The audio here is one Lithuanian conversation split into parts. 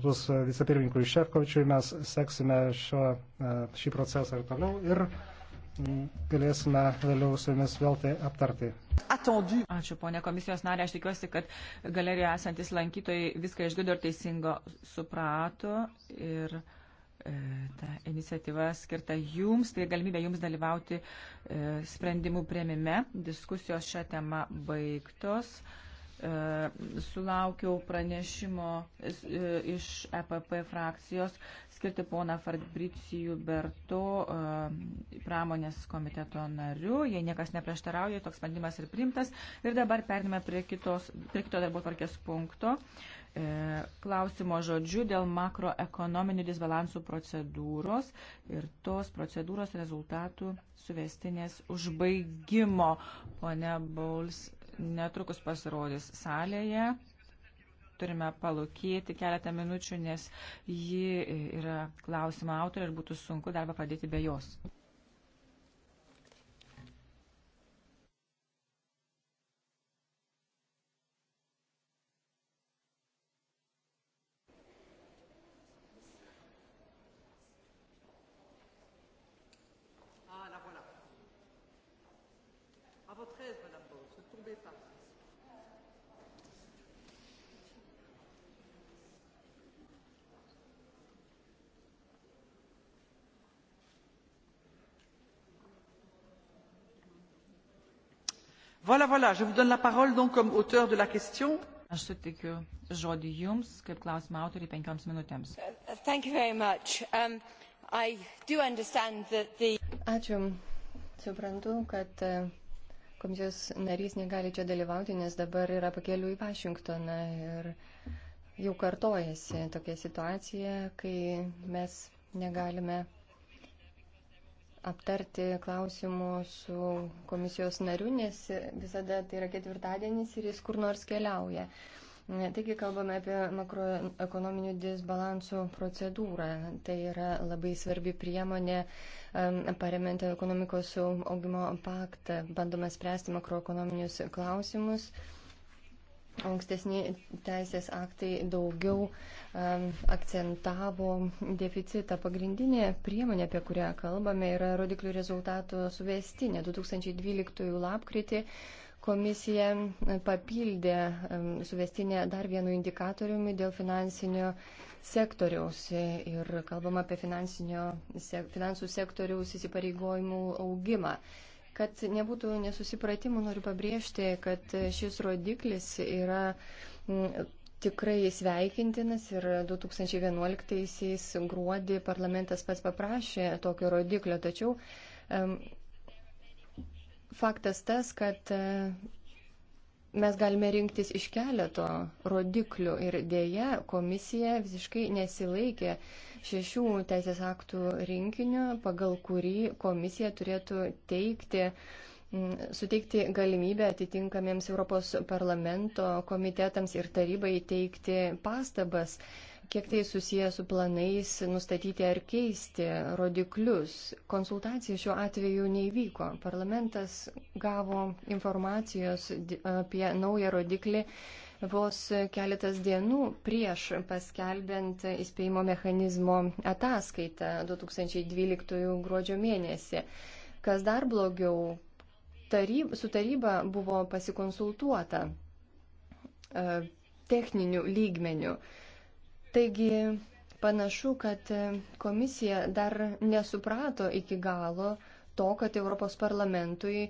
Kultus vicepirmininkui Šefkovičiui mes seksime šio, e, šį procesą ir toliau ir mm, galėsime vėliau su jumis vėl tai aptarti. Ačiū, ponė komisijos narė. Aš tikiuosi, kad galerijoje esantis lankytojai viską išgirdo ir teisingo suprato. Ir e, ta iniciatyva skirta jums, tai galimybė jums dalyvauti e, sprendimų prieimime. Diskusijos šią temą baigtos. E, sulaukiau pranešimo e, iš EPP frakcijos skirti poną Fabricijų Berto e, pramonės komiteto nariu. Jei niekas neprieštarauja, toks sprendimas ir primtas. Ir dabar perdime prie, kitos, prie kito darbo tvarkės punkto. Klausimo žodžiu dėl makroekonominių disbalansų procedūros ir tos procedūros rezultatų suvestinės užbaigimo. Pone Bauls netrukus pasirodys salėje. Turime palūkėti keletą minučių, nes ji yra klausimo autorė ir būtų sunku darbą padėti be jos. Ah, votre aise, madame. Voilà, voilà, je vous donne la parole donc comme auteur de la question. Aš sutikiu žodį Jums, kaip klausimo autoriai, penkioms minutėms. Uh, uh, um, the... Ačiū. Suprantu, kad uh, Komisijos narys negali čia dalyvauti, nes dabar yra pakeliu į Vašingtoną ir jau kartojasi tokia situacija, kai mes negalime aptarti klausimų su komisijos nariu, nes visada tai yra ketvirtadienis ir jis kur nors keliauja. Taigi kalbame apie makroekonominių disbalansų procedūrą. Tai yra labai svarbi priemonė paremiant ekonomikos augimo paktą. Bandome spręsti makroekonominius klausimus. Ankstesni teisės aktai daugiau um, akcentavo deficitą. Pagrindinė priemonė, apie kurią kalbame, yra rodiklių rezultatų suvestinė. 2012 lapkritį uh, Komisija e, papildė e, suvestinę dar vienu indikatoriumi dėl finansinio sektoriaus e, ir kalbama apie finansų sektoriaus įsipareigojimų augimą. Kad nebūtų nesusipratimų, noriu pabrėžti, kad šis rodiklis yra tikrai sveikintinas ir 2011 gruodį parlamentas pats paprašė tokio rodiklio, tačiau faktas tas, kad e, mes galime rinktis iš keleto rodiklių ir dėja komisija visiškai nesilaikė šešių teisės aktų rinkinio, pagal kurį komisija turėtų teikti suteikti galimybę atitinkamiems Europos parlamento komitetams ir tarybai teikti pastabas kiek tai susiję su planais nustatyti ar keisti rodiklius. Konsultacija šiuo atveju neįvyko. Parlamentas gavo informacijos apie naują rodiklį vos keletas dienų prieš paskelbent įspėjimo mechanizmo ataskaitą 2012 gruodžio mėnesį. Kas dar blogiau, taryb, su taryba buvo pasikonsultuota e, techninių lygmenių. Taigi panašu, kad komisija dar nesuprato iki galo to, kad Europos parlamentui e,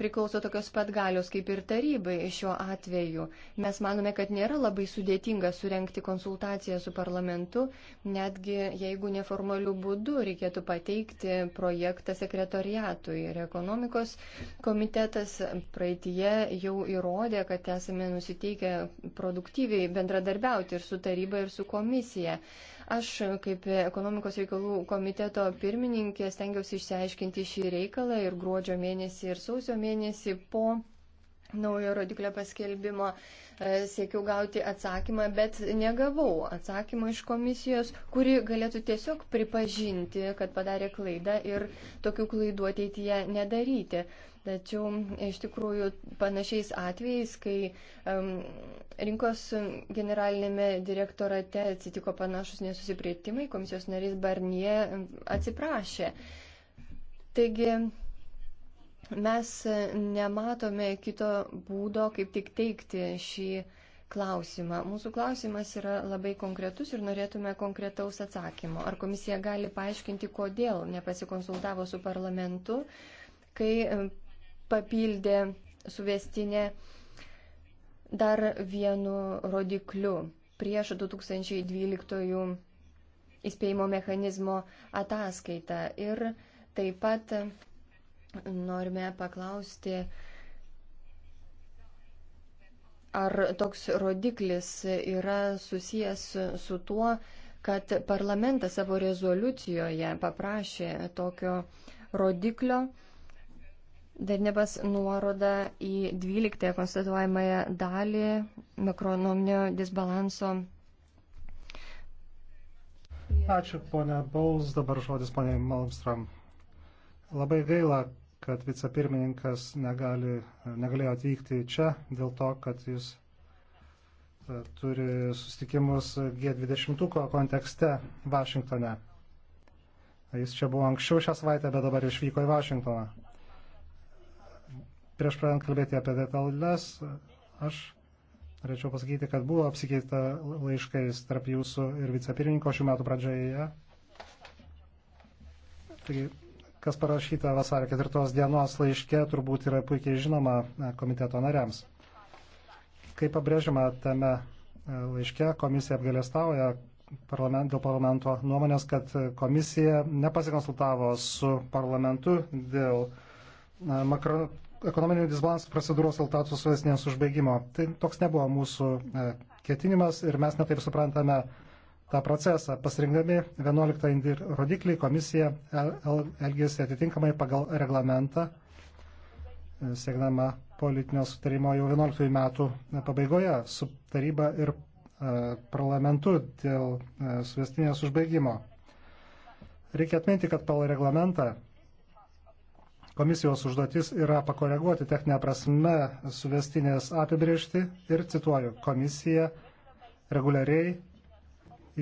priklauso tokios pat galios kaip ir tarybai šiuo atveju. Mes manome, kad nėra labai sudėtinga surenkti konsultaciją su parlamentu, netgi jeigu neformaliu būdu reikėtų pateikti projektą sekretoriatui. Ir ekonomikos komitetas praeitie jau įrodė, kad esame nusiteikę produktyviai bendradarbiauti ir su taryba, ir su komisija. Aš, kaip ekonomikos reikalų komiteto pirmininkė, stengiausi išsiaiškinti šį reikalą ir gruodžio mėnesį, ir sausio mėnesį po naujo rodiklio paskelbimo e, siekiau gauti atsakymą, bet negavau atsakymą iš komisijos, kuri galėtų tiesiog pripažinti, kad padarė klaidą ir tokių klaidų ateityje nedaryti. Tačiau iš tikrųjų panašiais atvejais, kai um, rinkos generalinėme direktorate atsitiko panašus nesusiprietimai, komisijos narys Barnie atsiprašė. Taigi mes nematome kito būdo, kaip tik teikti šį klausimą. Mūsų klausimas yra labai konkretus ir norėtume konkretaus atsakymo. Ar komisija gali paaiškinti, kodėl nepasikonsultavo su parlamentu, kai papildė suvestinę dar vienu rodikliu prieš 2012 įspėjimo mechanizmo ataskaitą. Ir taip pat norime paklausti, ar toks rodiklis yra susijęs su tuo, kad parlamentas savo rezoliucijoje paprašė tokio rodiklio Darnibas nuoroda į 12 konstatuojamąją dalį mikronominio disbalanso. Ačiū, ponia Baus, dabar žodis ponia Malmstram. Labai gaila, kad vicepirmininkas negali, negalėjo atvykti čia dėl to, kad jis e, turi sustikimus G20 kontekste Vašingtone. Jis čia buvo anksčiau šią savaitę, bet dabar išvyko į Vašingtoną. Prieš pradant kalbėti apie detalės, aš norėčiau pasakyti, kad buvo apsikeista laiškais tarp jūsų ir vicepirmininko šių metų pradžioje. Taigi, kas parašyta vasario 4 dienos laiške, turbūt yra puikiai žinoma e, komiteto nariams. Kaip pabrėžiama tame e, laiške, komisija apgalėstauja, parlament, dėl parlamento nuomonės, kad komisija nepasikonsultavo su parlamentu dėl e, makro, ekonominio disbalanso procedūros rezultatų suvesnės užbaigimo. Tai toks nebuvo mūsų e, ketinimas ir mes netaip suprantame tą procesą. Pasirinkdami 11 rodiklį komisija e, elgėsi atitinkamai pagal reglamentą, e, siekdama politinio sutarimo jau 11 metų pabaigoje su taryba ir parlamentu dėl suvestinės užbaigimo. Reikia atminti, kad pagal reglamentą Komisijos užduotis yra pakoreguoti techninę prasme suvestinės apibriežti ir, cituoju, komisija reguliariai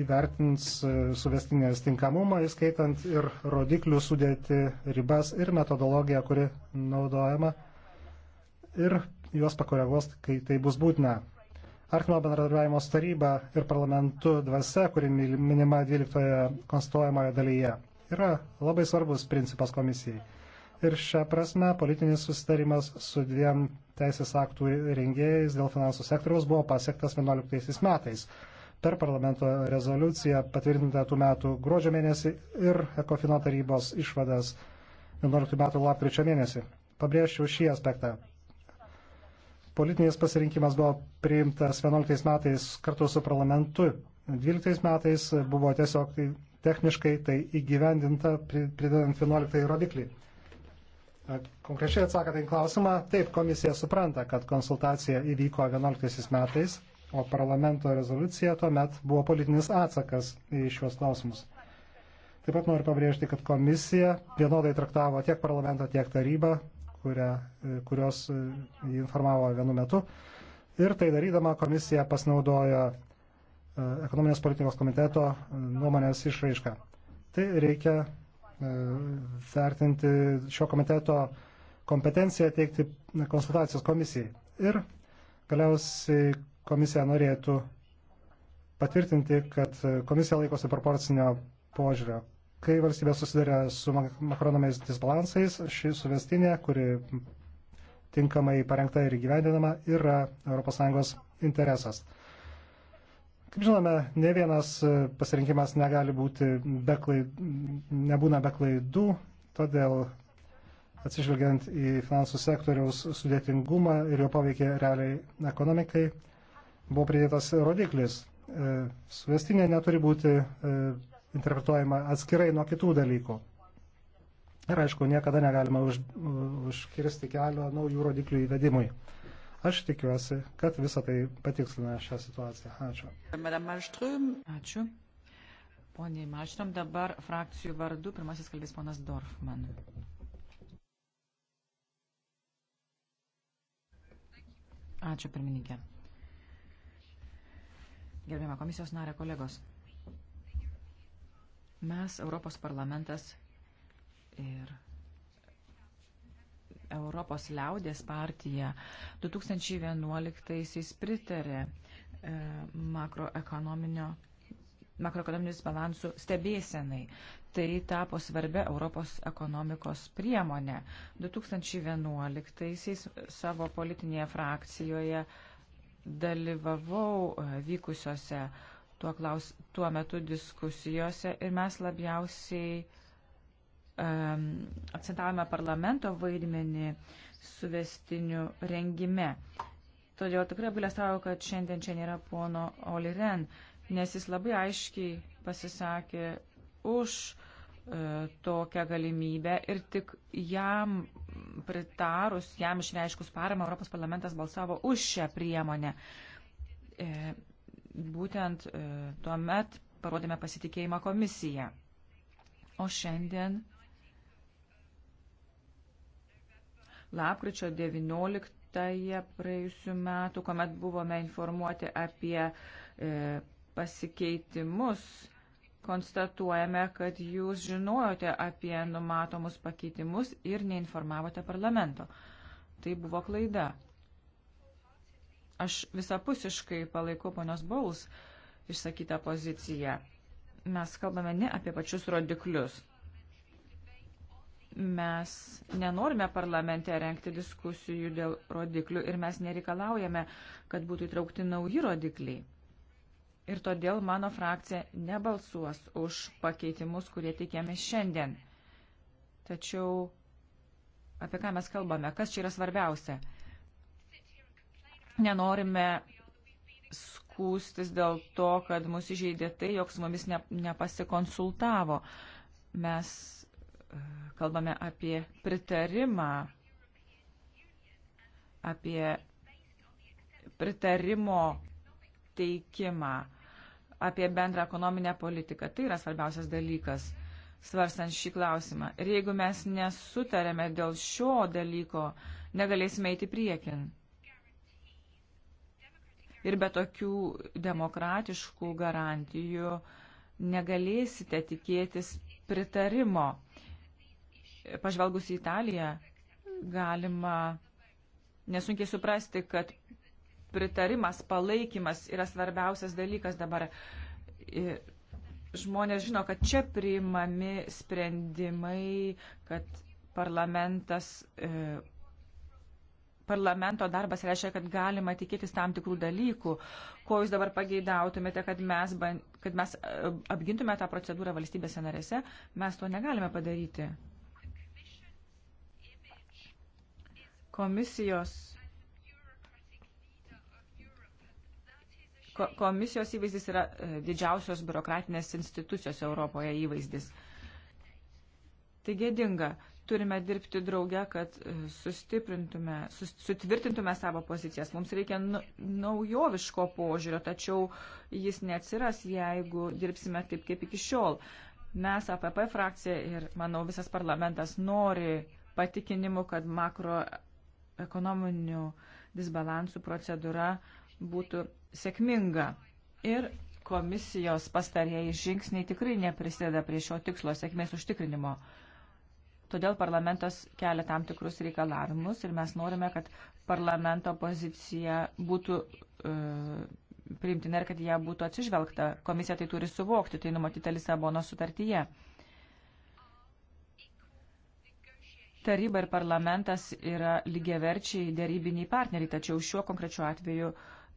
įvertins e, suvestinės tinkamumą, įskaitant ir rodiklių sudėti ribas ir metodologiją, kuri naudojama ir juos pakoreguos, kai tai bus būtina. Artimo bendradarbiavimo taryba ir parlamentu dvasia, kuri minima 12 konstituojamoje dalyje, yra labai svarbus principas komisijai. Ir šią prasme politinis susitarimas su dviem teisės aktų rengėjais dėl finansų sektoriaus buvo pasiektas 11 metais per parlamento rezoliuciją patvirtintą tų metų gruodžio mėnesį ir Ekofino tarybos išvadas 11 metų lapkričio mėnesį. Pabrėžčiau šį aspektą. Politinis pasirinkimas buvo priimtas 11 metais kartu su parlamentu. 12 metais buvo tiesiog techniškai tai įgyvendinta, pridedant 11 rodiklį. Konkrečiai atsakant į klausimą, taip, komisija supranta, kad konsultacija įvyko 11 metais, o parlamento rezoliucija tuomet buvo politinis atsakas į šiuos klausimus. Taip pat noriu pabrėžti, kad komisija vienodai traktavo tiek parlamentą, tiek tarybą, kurią, kurios e, informavo vienu metu. Ir tai darydama komisija pasinaudojo e, ekonominės politikos komiteto e, nuomonės išraišką. Tai reikia E, vertinti šio komiteto kompetenciją teikti konsultacijos komisijai. Ir galiausiai komisija norėtų patvirtinti, kad komisija laikosi proporcinio požiūrio. Kai valstybė susiduria su makronomais disbalansais, ši suvestinė, kuri tinkamai parengta ir įgyvendinama, yra ES interesas. Kaip žinome, ne vienas e, pasirinkimas negali būti be klaidų, nebūna be klaidų, todėl atsižvelgiant į finansų sektoriaus sudėtingumą ir jo poveikį realiai ekonomikai, buvo pridėtas rodiklis. E, suvestinė neturi būti e, interpretuojama atskirai nuo kitų dalykų. Ir aišku, niekada negalima už, užkirsti kelio naujų rodiklių įvedimui. Aš tikiuosi, kad visą tai patikslina šią situaciją. Ačiū. Ačiū. Poniai Maštrom, dabar frakcijų vardu pirmasis kalbės ponas Dorfman. Ačiū, pirmininkė. Gerbėma komisijos narė kolegos. Mes, Europos parlamentas ir Europos liaudės partija 2011-aisiais pritarė e, makroekonominio makroekonominis balansų stebėsenai. Tai tapo svarbia Europos ekonomikos priemonė. 2011-aisiais savo politinėje frakcijoje dalyvavau e, vykusiose tuo, klaus, tuo metu diskusijose ir mes labiausiai akcentavome parlamento vaidmenį suvestinių rengime. Todėl tikrai apgailestauju, kad šiandien čia nėra pono Oliren, nes jis labai aiškiai pasisakė už e, tokią galimybę ir tik jam pritarus, jam išreiškus paramą, Europos parlamentas balsavo už šią priemonę. E, būtent e, tuo met parodėme pasitikėjimą komisiją. O šiandien lapkričio 19-ąją praėjusiu metu, kuomet buvome informuoti apie e, pasikeitimus, konstatuojame, kad jūs žinojote apie numatomus pakeitimus ir neinformavote parlamento. Tai buvo klaida. Aš visapusiškai palaikau ponios Bauls išsakytą poziciją. Mes kalbame ne apie pačius rodiklius Mes nenorime parlamente renkti diskusijų dėl rodiklių ir mes nereikalaujame, kad būtų įtraukti nauji rodikliai. Ir todėl mano frakcija nebalsuos už pakeitimus, kurie teikėme šiandien. Tačiau apie ką mes kalbame, kas čia yra svarbiausia. Nenorime skūstis dėl to, kad mūsų įžeidė tai, jog su mumis ne, nepasikonsultavo. Mes kalbame apie pritarimą, apie pritarimo teikimą, apie bendrą ekonominę politiką. Tai yra svarbiausias dalykas, svarstant šį klausimą. Ir jeigu mes nesutarėme dėl šio dalyko, negalėsime eiti priekin. Ir be tokių demokratiškų garantijų negalėsite tikėtis pritarimo pažvelgus į Italiją, galima nesunkiai suprasti, kad pritarimas, palaikymas yra svarbiausias dalykas dabar. Žmonės žino, kad čia priimami sprendimai, kad parlamentas, e, parlamento darbas reiškia, kad galima tikėtis tam tikrų dalykų. Ko jūs dabar pageidautumėte, kad mes, kad mes e, apgintume tą procedūrą valstybėse narėse, mes to negalime padaryti. komisijos, ko, komisijos įvaizdis yra e, didžiausios biurokratinės institucijos Europoje įvaizdis. Tai gėdinga. Turime dirbti drauge, kad e, sustiprintume, sutvirtintume savo pozicijas. Mums reikia nu, naujoviško požiūrio, tačiau jis neatsiras, jeigu dirbsime taip kaip iki šiol. Mes, APP frakcija ir, manau, visas parlamentas nori patikinimų, kad makro ekonominių disbalansų procedūra būtų sėkminga. Ir komisijos pastarėjai žingsniai tikrai neprisideda prie šio tikslo sėkmės užtikrinimo. Todėl parlamentas kelia tam tikrus reikalavimus ir mes norime, kad parlamento pozicija būtų e, priimtina ir kad ją būtų atsižvelgta. Komisija tai turi suvokti, tai numatyta Lisabono sutartyje. Taryba ir parlamentas yra lygiaverčiai dėrybiniai partneriai, tačiau šiuo konkrečiu atveju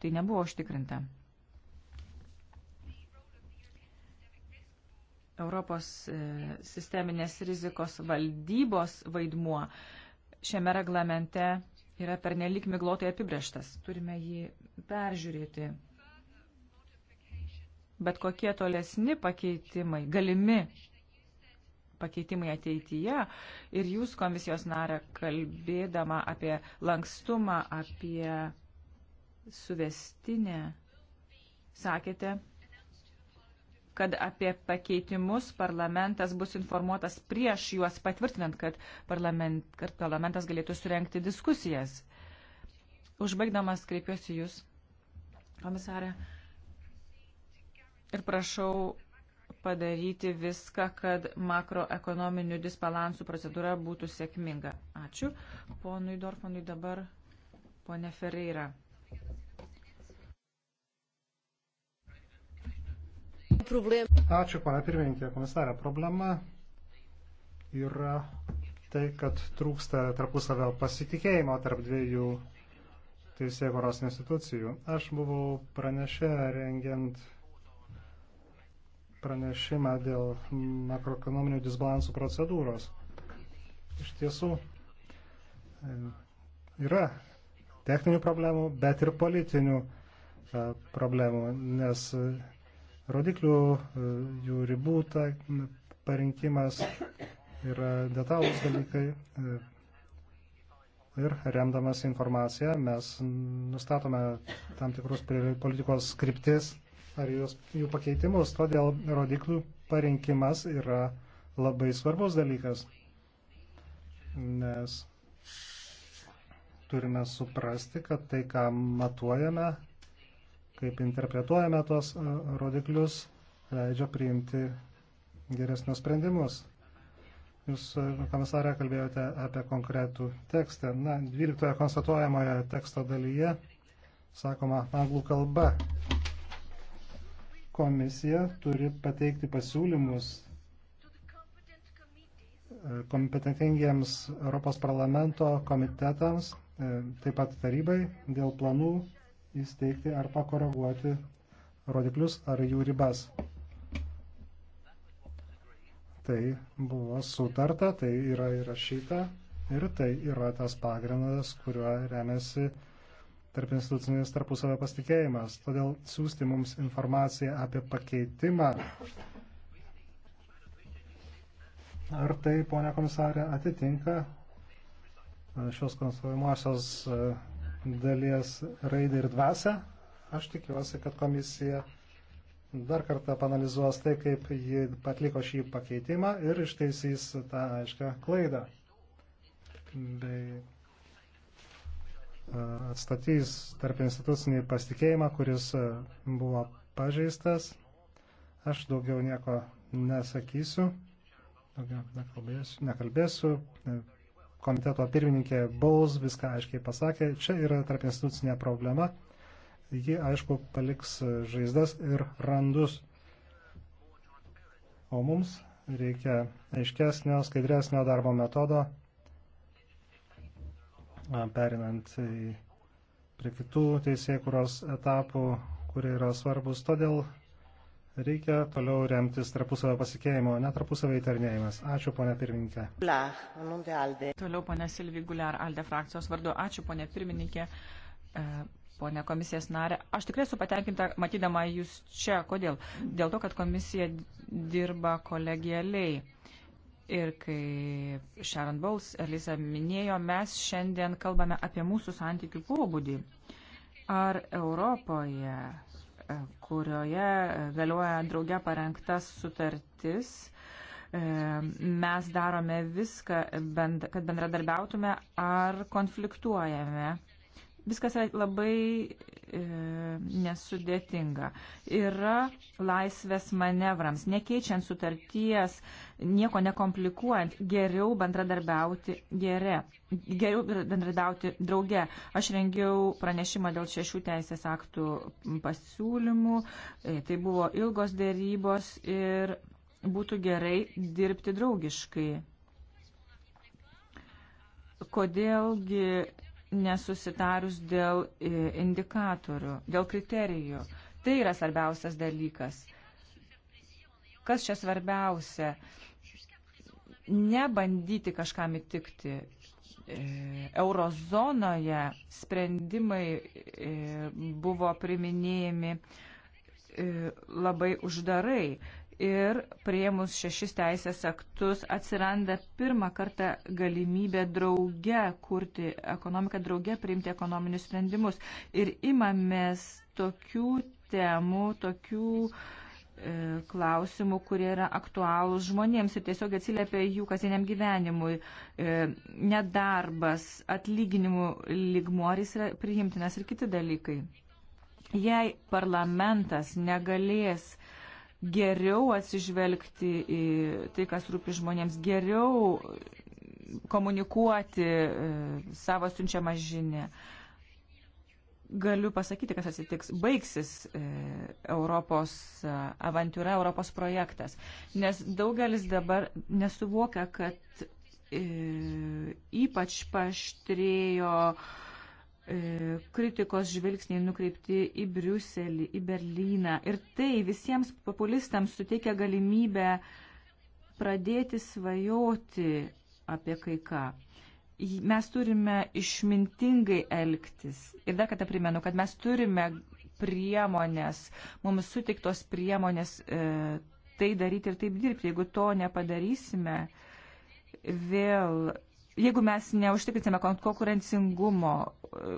tai nebuvo užtikrinta. Europos e, sisteminės rizikos valdybos vaidmuo šiame reglamente yra pernelik miglotai apibrieštas. Turime jį peržiūrėti. Bet kokie tolesni pakeitimai galimi pakeitimai ateityje. Ir jūs, komisijos narė, kalbėdama apie lankstumą, apie suvestinę, sakėte, kad apie pakeitimus parlamentas bus informuotas prieš juos patvirtinant, kad, parlament, kad parlamentas galėtų surenkti diskusijas. Užbaigdamas kreipiuosi jūs, komisarė, ir prašau padaryti viską, kad makroekonominių disbalansų procedūra būtų sėkminga. Ačiū. Ponui Dorfanui dabar ponė Ferreira. Ačiū, pana pirmininkė, komisarė. Problema yra tai, kad trūksta tarpusavio pasitikėjimo tarp dviejų teisėkoros institucijų. Aš buvau pranešę rengiant pranešimą dėl makroekonominių disbalansų procedūros. Iš tiesų e, yra techninių problemų, bet ir politinių e, problemų, nes e, rodiklių, jų ribų ta, parinkimas yra detalūs dalykai. Ir remdamas informaciją mes nustatome tam tikrus politikos skriptis ar jos, jų pakeitimus. Todėl rodiklių parinkimas yra labai svarbus dalykas, nes turime suprasti, kad tai, ką matuojame, kaip interpretuojame tuos rodiklius, leidžia priimti geresnius sprendimus. Jūs, komisarė, kalbėjote apie konkretų tekstą. Na, 12 konstatuojamoje teksto dalyje sakoma anglų kalba komisija turi pateikti pasiūlymus e, kompetentingiems Europos parlamento komitetams, e, taip pat tarybai, dėl planų įsteigti ar pakoreguoti rodiklius ar jų ribas. Tai buvo sutarta, tai yra įrašyta ir tai yra tas pagrindas, kuriuo remiasi tarp institucinis tarpusavio pasitikėjimas. Todėl siūsti mums informaciją apie pakeitimą. Ar tai, ponia komisarė, atitinka e, šios konstruojamosios e, dalies raidai ir dvasia? Aš tikiuosi, kad komisija dar kartą panalizuos tai, kaip ji atliko šį pakeitimą ir išteisys tą aiškę klaidą. Bei atstatys tarp institucinį pasitikėjimą, kuris buvo pažeistas. Aš daugiau nieko nesakysiu, daugiau nekalbėsiu. nekalbėsiu. E, komiteto pirmininkė Bowles viską aiškiai pasakė. Čia yra tarp institucinė problema. Ji, aišku, paliks e, žaizdas ir randus. O mums reikia aiškesnio, skaidresnio darbo metodo perinant į, prie kitų teisėkuros etapų, kurie yra svarbus. Todėl reikia toliau remtis tarpusavio pasikeimo, ne tarpusavio įtarnėjimas. Ačiū, ponė pirmininkė. Toliau, ponė Silvi Guliar, Alde frakcijos vardu. Ačiū, ponė pirmininkė. E, Pone komisijos narė, aš tikrai esu patenkinta matydama jūs čia. Kodėl? Dėl to, kad komisija dirba kolegialiai Ir kai Sharon Bowles, Elisa minėjo, mes šiandien kalbame apie mūsų santykių pobūdį. Ar Europoje, e, kurioje e, galioja drauge parengtas sutartis, e, mes darome viską, kad bendradarbiautume ar konfliktuojame? viskas yra labai e, nesudėtinga. Yra laisvės manevrams, nekeičiant sutarties, nieko nekomplikuojant, geriau bendradarbiauti gere, geriau bendradarbiauti drauge. Aš rengiau pranešimą dėl šešių teisės aktų pasiūlymų, e, tai buvo ilgos dėrybos ir būtų gerai dirbti draugiškai. Kodėlgi nesusitarus dėl e, indikatorių, dėl kriterijų. Tai yra svarbiausias dalykas. Kas čia svarbiausia? Nebandyti kažkam įtikti. E, eurozonoje sprendimai e, buvo priminėjami labai uždarai ir prieimus šešis teisės aktus atsiranda pirmą kartą galimybė drauge kurti ekonomiką, drauge priimti ekonominius sprendimus. Ir imamės tokių temų, tokių e, klausimų, kurie yra aktualūs žmonėms ir tiesiog atsiliepia jų kasdieniam gyvenimui. E, nedarbas, atlyginimų lygmoris yra priimtinas ir kiti dalykai. Jei parlamentas negalės geriau atsižvelgti į tai, kas rūpi žmonėms, geriau komunikuoti e, savo siunčiamą žinę. Galiu pasakyti, kas atsitiks. Baigsis e, Europos e, avantūra, Europos projektas. Nes daugelis dabar nesuvokia, kad ypač paštrėjo uh, E, kritikos žvilgsniai nukreipti į Briuselį, į Berlyną. Ir tai visiems populistams suteikia galimybę pradėti svajoti apie kai ką. Mes turime išmintingai elgtis. Ir dar kartą primenu, kad mes turime priemonės, mums sutiktos priemonės e, tai daryti ir taip dirbti. Jeigu to nepadarysime, vėl jeigu mes neužtikrinsime konkurencingumo,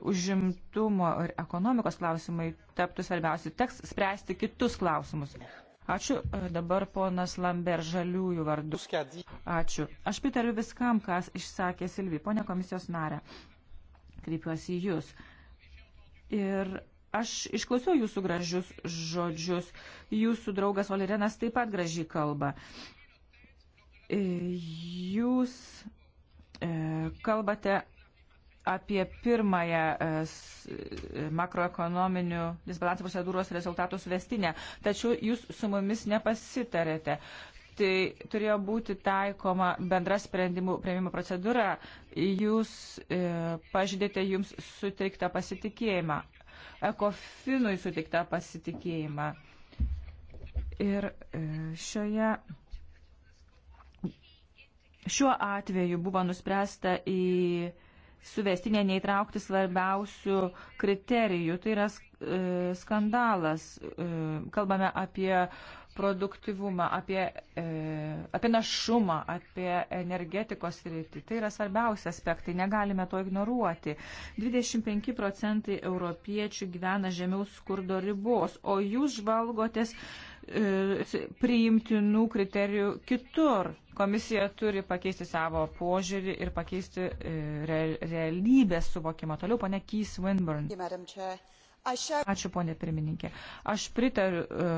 užimtumo ir ekonomikos klausimai taptų svarbiausi, teks spręsti kitus klausimus. Ačiū. E, dabar ponas Lamber žaliųjų vardu. Ačiū. Aš pritariu viskam, kas išsakė Silvi. Pone komisijos narė, kreipiuosi į Jūs. Ir aš išklausiau Jūsų gražius žodžius. Jūsų draugas Olirenas taip pat gražiai kalba. E, jūs E, kalbate apie pirmąją e, makroekonominių disbalansų procedūros rezultatų suvestinę, tačiau jūs su mumis nepasitarėte. Tai turėjo būti taikoma bendra sprendimų prieimimo procedūra, jūs e, pažydėte jums suteiktą pasitikėjimą, ekofinui suteiktą pasitikėjimą. Ir e, šioje Šiuo atveju buvo nuspręsta į suvestinę neįtraukti svarbiausių kriterijų. Tai yra e, skandalas. E, kalbame apie produktivumą, apie, e, apie našumą, apie energetikos rytį. Tai yra svarbiausi aspektai, negalime to ignoruoti. 25 procentai europiečių gyvena žemiau skurdo ribos, o jūs žvalgotės E, priimtinų kriterijų kitur. Komisija turi pakeisti savo požiūrį ir pakeisti e, realybės suvokimą. Toliau, pane Keith Winburn. Ačiū, ponė pirmininkė. Aš pritariu e,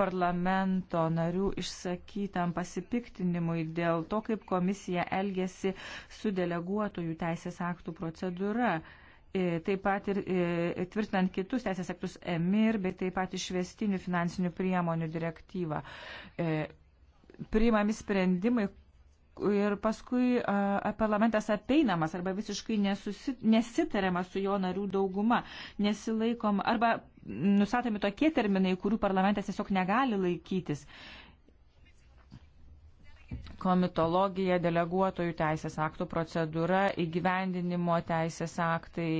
parlamento narių išsakytam pasipiktinimui dėl to, kaip komisija elgesi su deleguotojų teisės aktų procedūra. E, taip pat ir e, tvirtinant kitus teisės aktus EMIR, bet taip pat išvestinių finansinių priemonių direktyvą. E, priimami sprendimai ir paskui parlamentas apeinamas arba visiškai nesusi, nesitariama su jo narių dauguma, nesilaikom arba nustatomi tokie terminai, kurių parlamentas tiesiog negali laikytis. A, komitologija, deleguotojų teisės aktų procedūra, įgyvendinimo teisės aktai.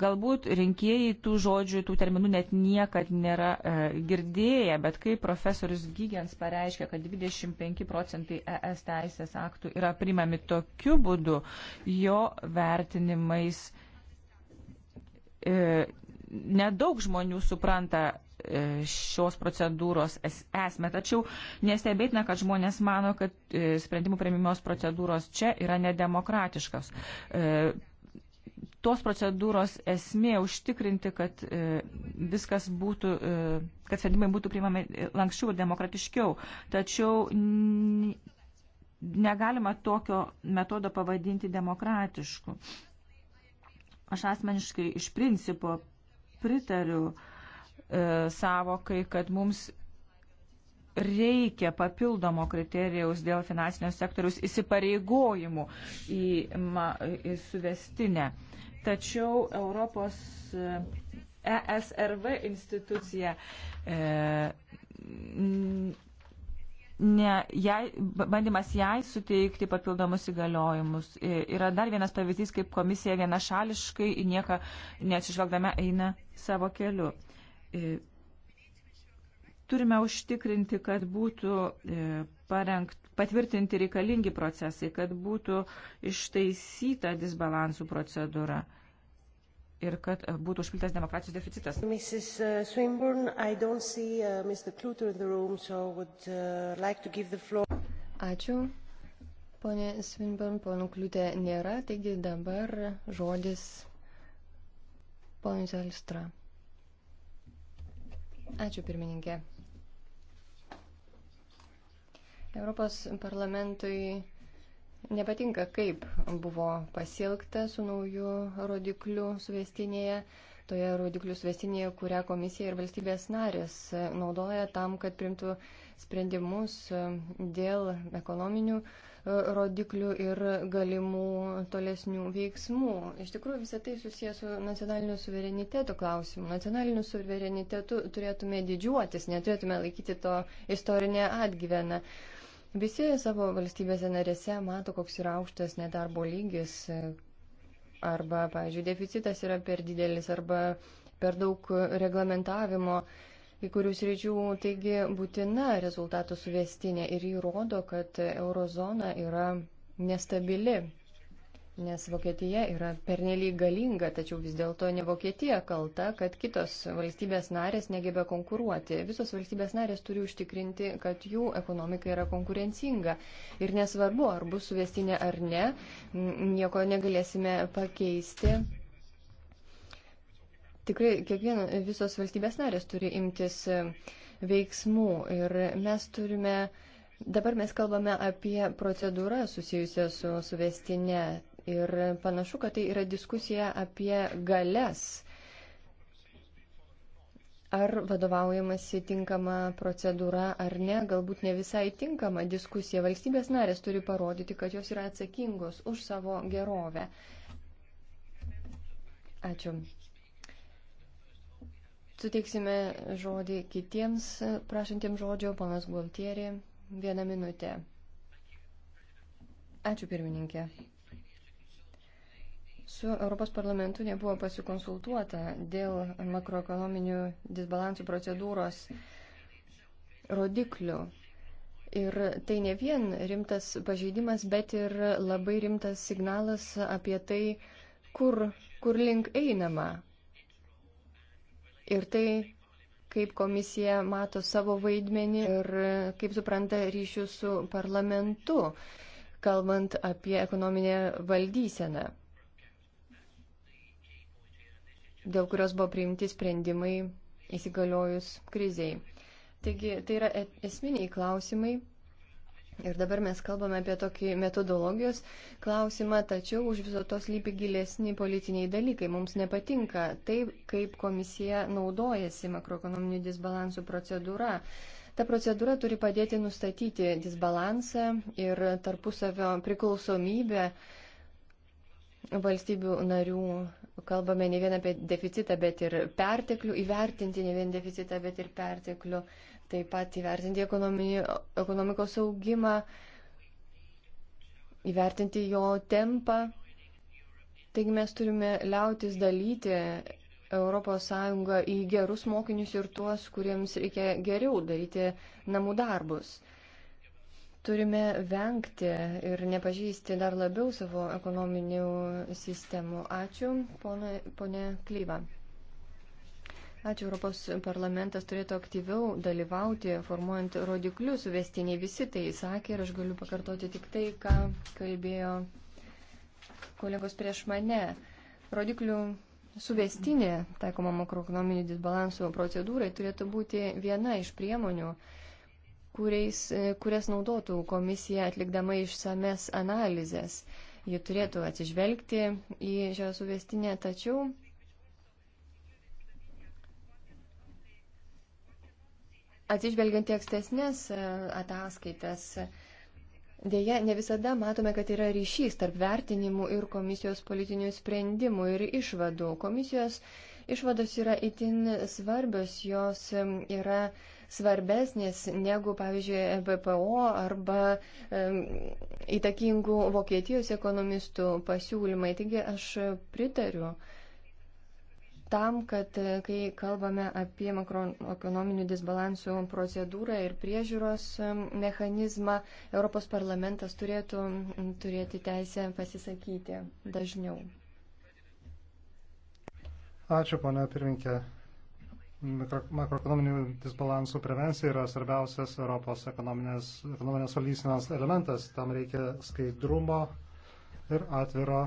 Galbūt rinkėjai tų žodžių, tų terminų net niekad nėra e, girdėję, bet kai profesorius Gygens pareiškia, kad 25 procentai ES teisės aktų yra primami tokiu būdu, jo vertinimais e, nedaug žmonių supranta E, šios procedūros esmę. Tačiau nestebėtina, kad žmonės mano, kad e, sprendimų prieimimos procedūros čia yra nedemokratiškas. E, tos procedūros esmė užtikrinti, kad viskas būtų, kad sprendimai būtų priimami lankščiau ir demokratiškiau. Tačiau negalima tokio metodo pavadinti demokratišku. Aš asmeniškai iš principo pritariu uh, E, savokai, kad mums reikia papildomo kriterijaus dėl finansinio sektoriaus įsipareigojimų į, ma, į suvestinę. Tačiau Europos ESRV e institucija e, ne, jai, bandymas jai suteikti papildomus įgaliojimus. E, yra dar vienas pavyzdys, kaip komisija vienašališkai į nieką neatsižvelgdama eina savo keliu. E, turime užtikrinti, kad būtų e, parengt, patvirtinti reikalingi procesai, kad būtų ištaisyta disbalansų procedūra ir kad e, būtų užpiltas demokratijos deficitas. Mrs. Swinburne, I don't see uh, Mr. Kluter in the room, so would uh, like to give the floor. Ačiū. Pone Swinburne, ponų Kliūtė nėra, taigi dabar žodis ponui Zelstra. Ačiū pirmininkė. Europos parlamentui nepatinka, kaip buvo pasielgta su nauju rodikliu suvestinėje, toje rodiklių suvestinėje, kurią komisija ir valstybės narės naudoja tam, kad primtų sprendimus dėl ekonominių uh, E, rodiklių ir galimų tolesnių veiksmų. Iš tikrųjų, visą tai susijęs su nacionaliniu suverenitetu klausimu. Nacionaliniu suverenitetu turėtume didžiuotis, neturėtume laikyti to istorinę atgyveną. Visi savo valstybėse narėse mato, koks yra aukštas nedarbo lygis e, arba, pavyzdžiui, deficitas yra per didelis arba per daug reglamentavimo kai kurių sričių, taigi būtina rezultatų suvestinė ir įrodo, kad eurozona yra nestabili, nes Vokietija yra pernelyg galinga, tačiau vis dėlto ne Vokietija kalta, kad kitos valstybės narės negeba konkuruoti. Visos valstybės narės turi užtikrinti, kad jų ekonomika yra konkurencinga. Ir nesvarbu, ar bus suvestinė ar ne, nieko negalėsime pakeisti tikrai kiekvien, visos valstybės narės turi imtis e, veiksmų ir mes turime, dabar mes kalbame apie procedūrą susijusią su suvestinė ir panašu, kad tai yra diskusija apie galės. Ar vadovaujamasi tinkama procedūra ar ne, galbūt ne visai tinkama diskusija. Valstybės narės turi parodyti, kad jos yra atsakingos už savo gerovę. Ačiū. Suteiksime žodį kitiems prašantiems žodžio, ponas Gualtieri, vieną minutę. Ačiū pirmininkė. Su Europos parlamentu nebuvo pasikonsultuota dėl makroekonominių disbalansų procedūros rodiklių. Ir tai ne vien rimtas pažeidimas, bet ir labai rimtas signalas apie tai, kur, kur link einama ir tai, kaip komisija mato savo vaidmenį ir kaip supranta ryšių su parlamentu, kalbant apie ekonominę valdyseną, dėl kurios buvo priimti sprendimai įsigaliojus kriziai. Taigi tai yra e- esminiai klausimai Ir dabar mes kalbame apie tokį metodologijos klausimą, tačiau už viso to slypi gilesni politiniai dalykai. Mums nepatinka taip, kaip komisija naudojasi makroekonominių disbalansų procedūra. Ta procedūra turi padėti nustatyti disbalansą ir tarpusavio priklausomybę valstybių narių. Kalbame ne vien apie deficitą, bet ir perteklių, įvertinti ne vien deficitą, bet ir perteklių. Uh, taip pat įvertinti ekonomikos augimą, įvertinti jo tempą. Taigi mes turime liautis dalyti ES į gerus mokinius ir tuos, kuriems reikia geriau daryti namų darbus. Turime vengti ir nepažįsti dar labiau savo ekonominių sistemų. Ačiū, ponė, ponė Klyva. Ačiū, Europos parlamentas turėtų aktyviau dalyvauti, formuojant rodiklius, vestiniai visi tai sakė ir aš galiu pakartoti tik tai, ką kalbėjo kolegos prieš mane. Rodiklių suvestinė, taikoma makroekonominių disbalansų procedūrai, turėtų būti viena iš priemonių, kuriais, e, kurias naudotų komisija atlikdama išsames analizės. Ji turėtų atsižvelgti į šią suvestinę, tačiau Atsižvelgiant į ankstesnės e, ataskaitas, Deja, ne visada matome, kad yra ryšys tarp vertinimų ir komisijos politinių sprendimų ir išvadų. Komisijos išvados yra itin svarbios, jos e, yra svarbesnės negu, pavyzdžiui, e BPO arba e, įtakingų Vokietijos ekonomistų pasiūlymai. Taigi aš pritariu e, tam, kad e, kai kalbame apie makroekonominių disbalansų procedūrą ir priežiūros e, mechanizmą, Europos parlamentas turėtų turėti teisę pasisakyti dažniau. Ačiū, ponia pirminkė. Makroekonominių disbalansų prevencija yra svarbiausias Europos ekonominės, ekonominės valdysenos elementas. Tam reikia skaidrumo ir atviro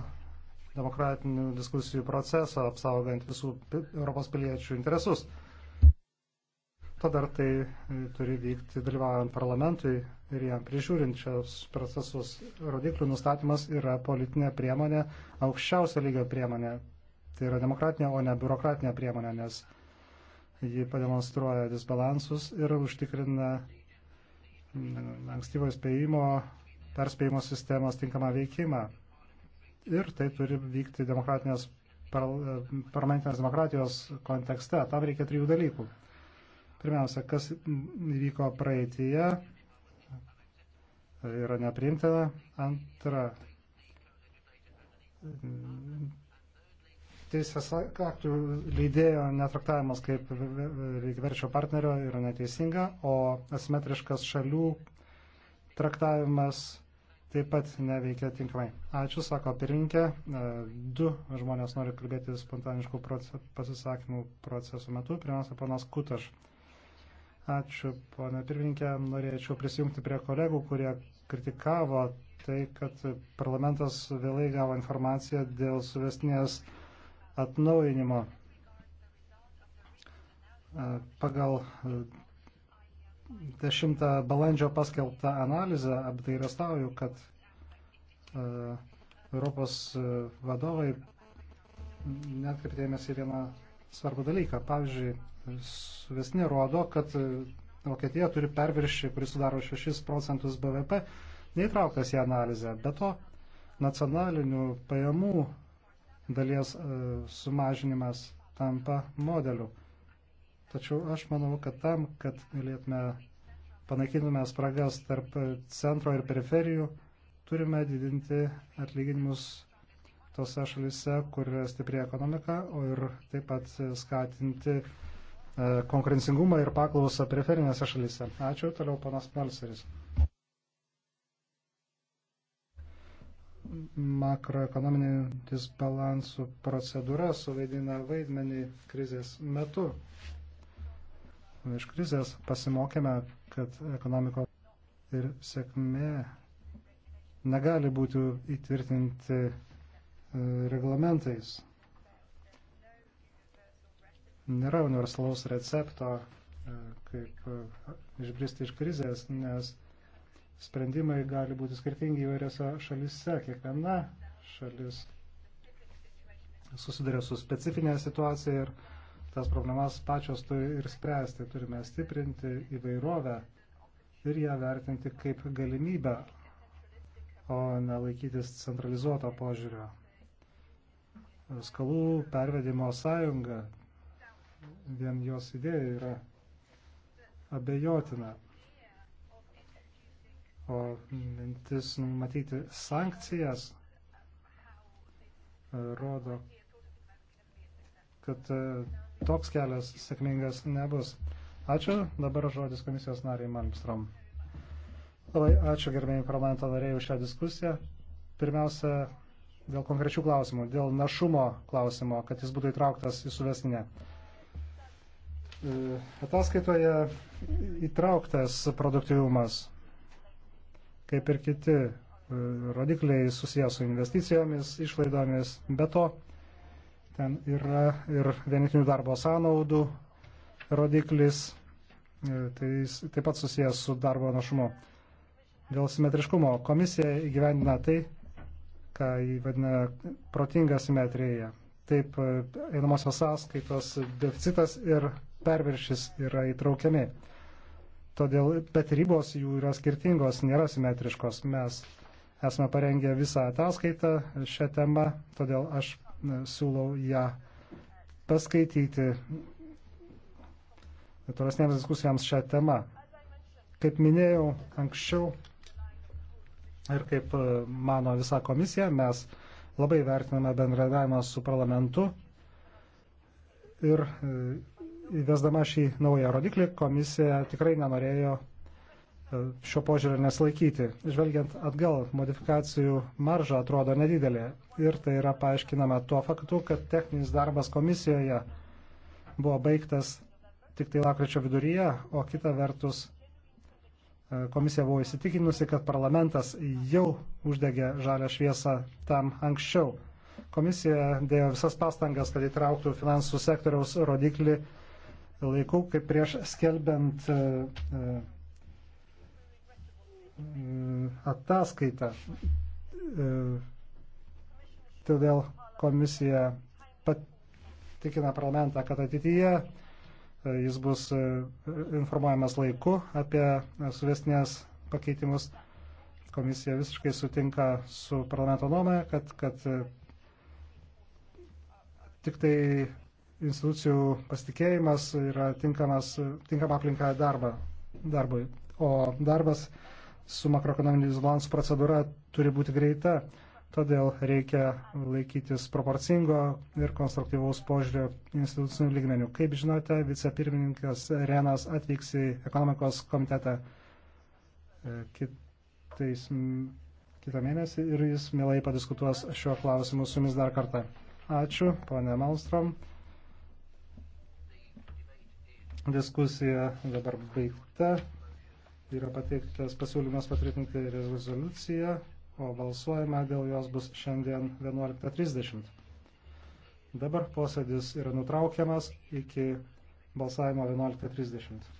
demokratinių diskusijų procesą, apsaugant visų Europos piliečių interesus. Todar tai e, turi vykti dalyvaujant parlamentui ir jam prižiūrint šios procesus. Rodiklių nustatymas yra politinė priemonė, aukščiausio lygio priemonė. Tai yra demokratinė, o ne biurokratinė priemonė, nes ji pademonstruoja disbalansus ir užtikrina mm, ankstyvo įspėjimo, perspėjimo sistemos tinkamą veikimą ir tai turi vykti demokratinės, parlamentinės demokratijos kontekste. Tam reikia trijų dalykų. Pirmiausia, kas vyko praeitie yra nepriimtina. Antra, teisės aktų leidėjo netraktavimas kaip lygverčio partnerio yra neteisinga, o asimetriškas šalių traktavimas taip pat neveikia tinkamai. Ačiū, sako pirinkė. E, du žmonės nori kalbėti spontaniškų proces, pasisakymų procesų metu. Pirmiausia, panas Kutaš. Ačiū, ponė pirmininkė. Norėčiau prisijungti prie kolegų, kurie kritikavo tai, kad parlamentas vėlai gavo informaciją dėl suvestinės atnaujinimo. E, pagal 10 balandžio paskelbtą analizę apdairastauju, kad uh, Europos e, vadovai netkreiptėmės į vieną svarbų dalyką. Pavyzdžiui, suvesnė rodo, kad e, Vokietija turi perviršį, kuris sudaro 6 procentus BVP, neįtrauktas į analizę. Be to, nacionalinių pajamų dalies sumažinimas tampa modeliu. Tačiau aš manau, kad tam, kad galėtume panaikintume spragas tarp centro ir periferijų, turime didinti atlyginimus tose šalise, kur yra stipri ekonomika, o ir taip pat skatinti e, konkurencingumą ir paklausą periferinėse šalise. Ačiū, toliau panas Melseris. Makroekonominį disbalansų procedūra suvaidina vaidmenį krizės metu iš krizės pasimokėme, kad ekonomiko ir sėkmė negali būti įtvirtinti e, reglamentais. Nėra universalaus recepto, e, kaip e, išbristi iš krizės, nes sprendimai gali būti skirtingi įvairiose šalise. Kiekviena šalis susiduria su specifinė situacija ir tas problemas pačios turi ir spręsti. Turime stiprinti įvairovę ir ją vertinti kaip galimybę, o ne laikytis centralizuoto požiūrio. Skalų pervedimo sąjunga, vien jos idėja yra abejotina. O mintis numatyti sankcijas e, rodo, kad e, toks kelias sėkmingas nebus. Ačiū. Dabar žodis komisijos nariai Malmstrom. Labai ačiū gerbėjai parlamento nariai už šią diskusiją. Pirmiausia, dėl konkrečių klausimų, dėl našumo klausimo, kad jis būtų įtrauktas į suvestinę e, ataskaitoje įtrauktas produktivumas, kaip ir kiti e, rodikliai susijęs su investicijomis, išlaidomis, be to Ten yra ir vienetinių darbo sąnaudų rodiklis, e, tai taip pat susijęs su darbo našumu. Dėl simetriškumo komisija įgyvendina tai, ką įvadina protinga simetrija. Taip, e, einamosios sąskaitos deficitas ir perviršis yra įtraukiami. Todėl, bet ribos jų yra skirtingos, nėra simetriškos. Mes esame parengę visą ataskaitą šią temą, todėl aš siūlau ją paskaityti tolesnėms diskusijams šią temą. Kaip minėjau anksčiau ir kaip e, mano visa komisija, mes labai vertiname bendradavimą su parlamentu ir e, įvesdama šį naują rodiklį komisija tikrai nenorėjo E, šio požiūrio neslaikyti. Žvelgiant atgal, modifikacijų marža atrodo nedidelė ir tai yra paaiškinama tuo faktu, kad techninis darbas komisijoje buvo baigtas tik tai lakryčio viduryje, o kita vertus e, komisija buvo įsitikinusi, kad parlamentas jau uždegė žalę šviesą tam anksčiau. Komisija dėjo visas pastangas, kad įtrauktų finansų sektoriaus rodiklį laiku, kaip prieš skelbiant e, Mm, ataskaitą. E, todėl komisija patikina parlamentą, kad ateityje e, jis bus e, informuojamas laiku apie suvestinės pakeitimus. Komisija visiškai sutinka su parlamento nuomonė, kad, kad tik tai institucijų pasitikėjimas yra tinkamas, tinkama aplinka darba, darbui. O darbas su makroekonominiu disbalansu procedūra turi būti greita, todėl reikia laikytis proporcingo ir konstruktyvaus požiūrio institucinių lygmenių. Kaip žinote, vicepirmininkas Renas atvyks į ekonomikos komitetą e, kitais, kitą mėnesį ir jis mielai padiskutuos šiuo klausimu su jumis dar kartą. Ačiū, ponė Malstrom. Diskusija dabar baigta yra pateiktas pasiūlymas patvirtinti rezoliuciją, o balsuojama dėl jos bus šiandien 11.30. Dabar posėdis yra nutraukiamas iki balsavimo 11.30.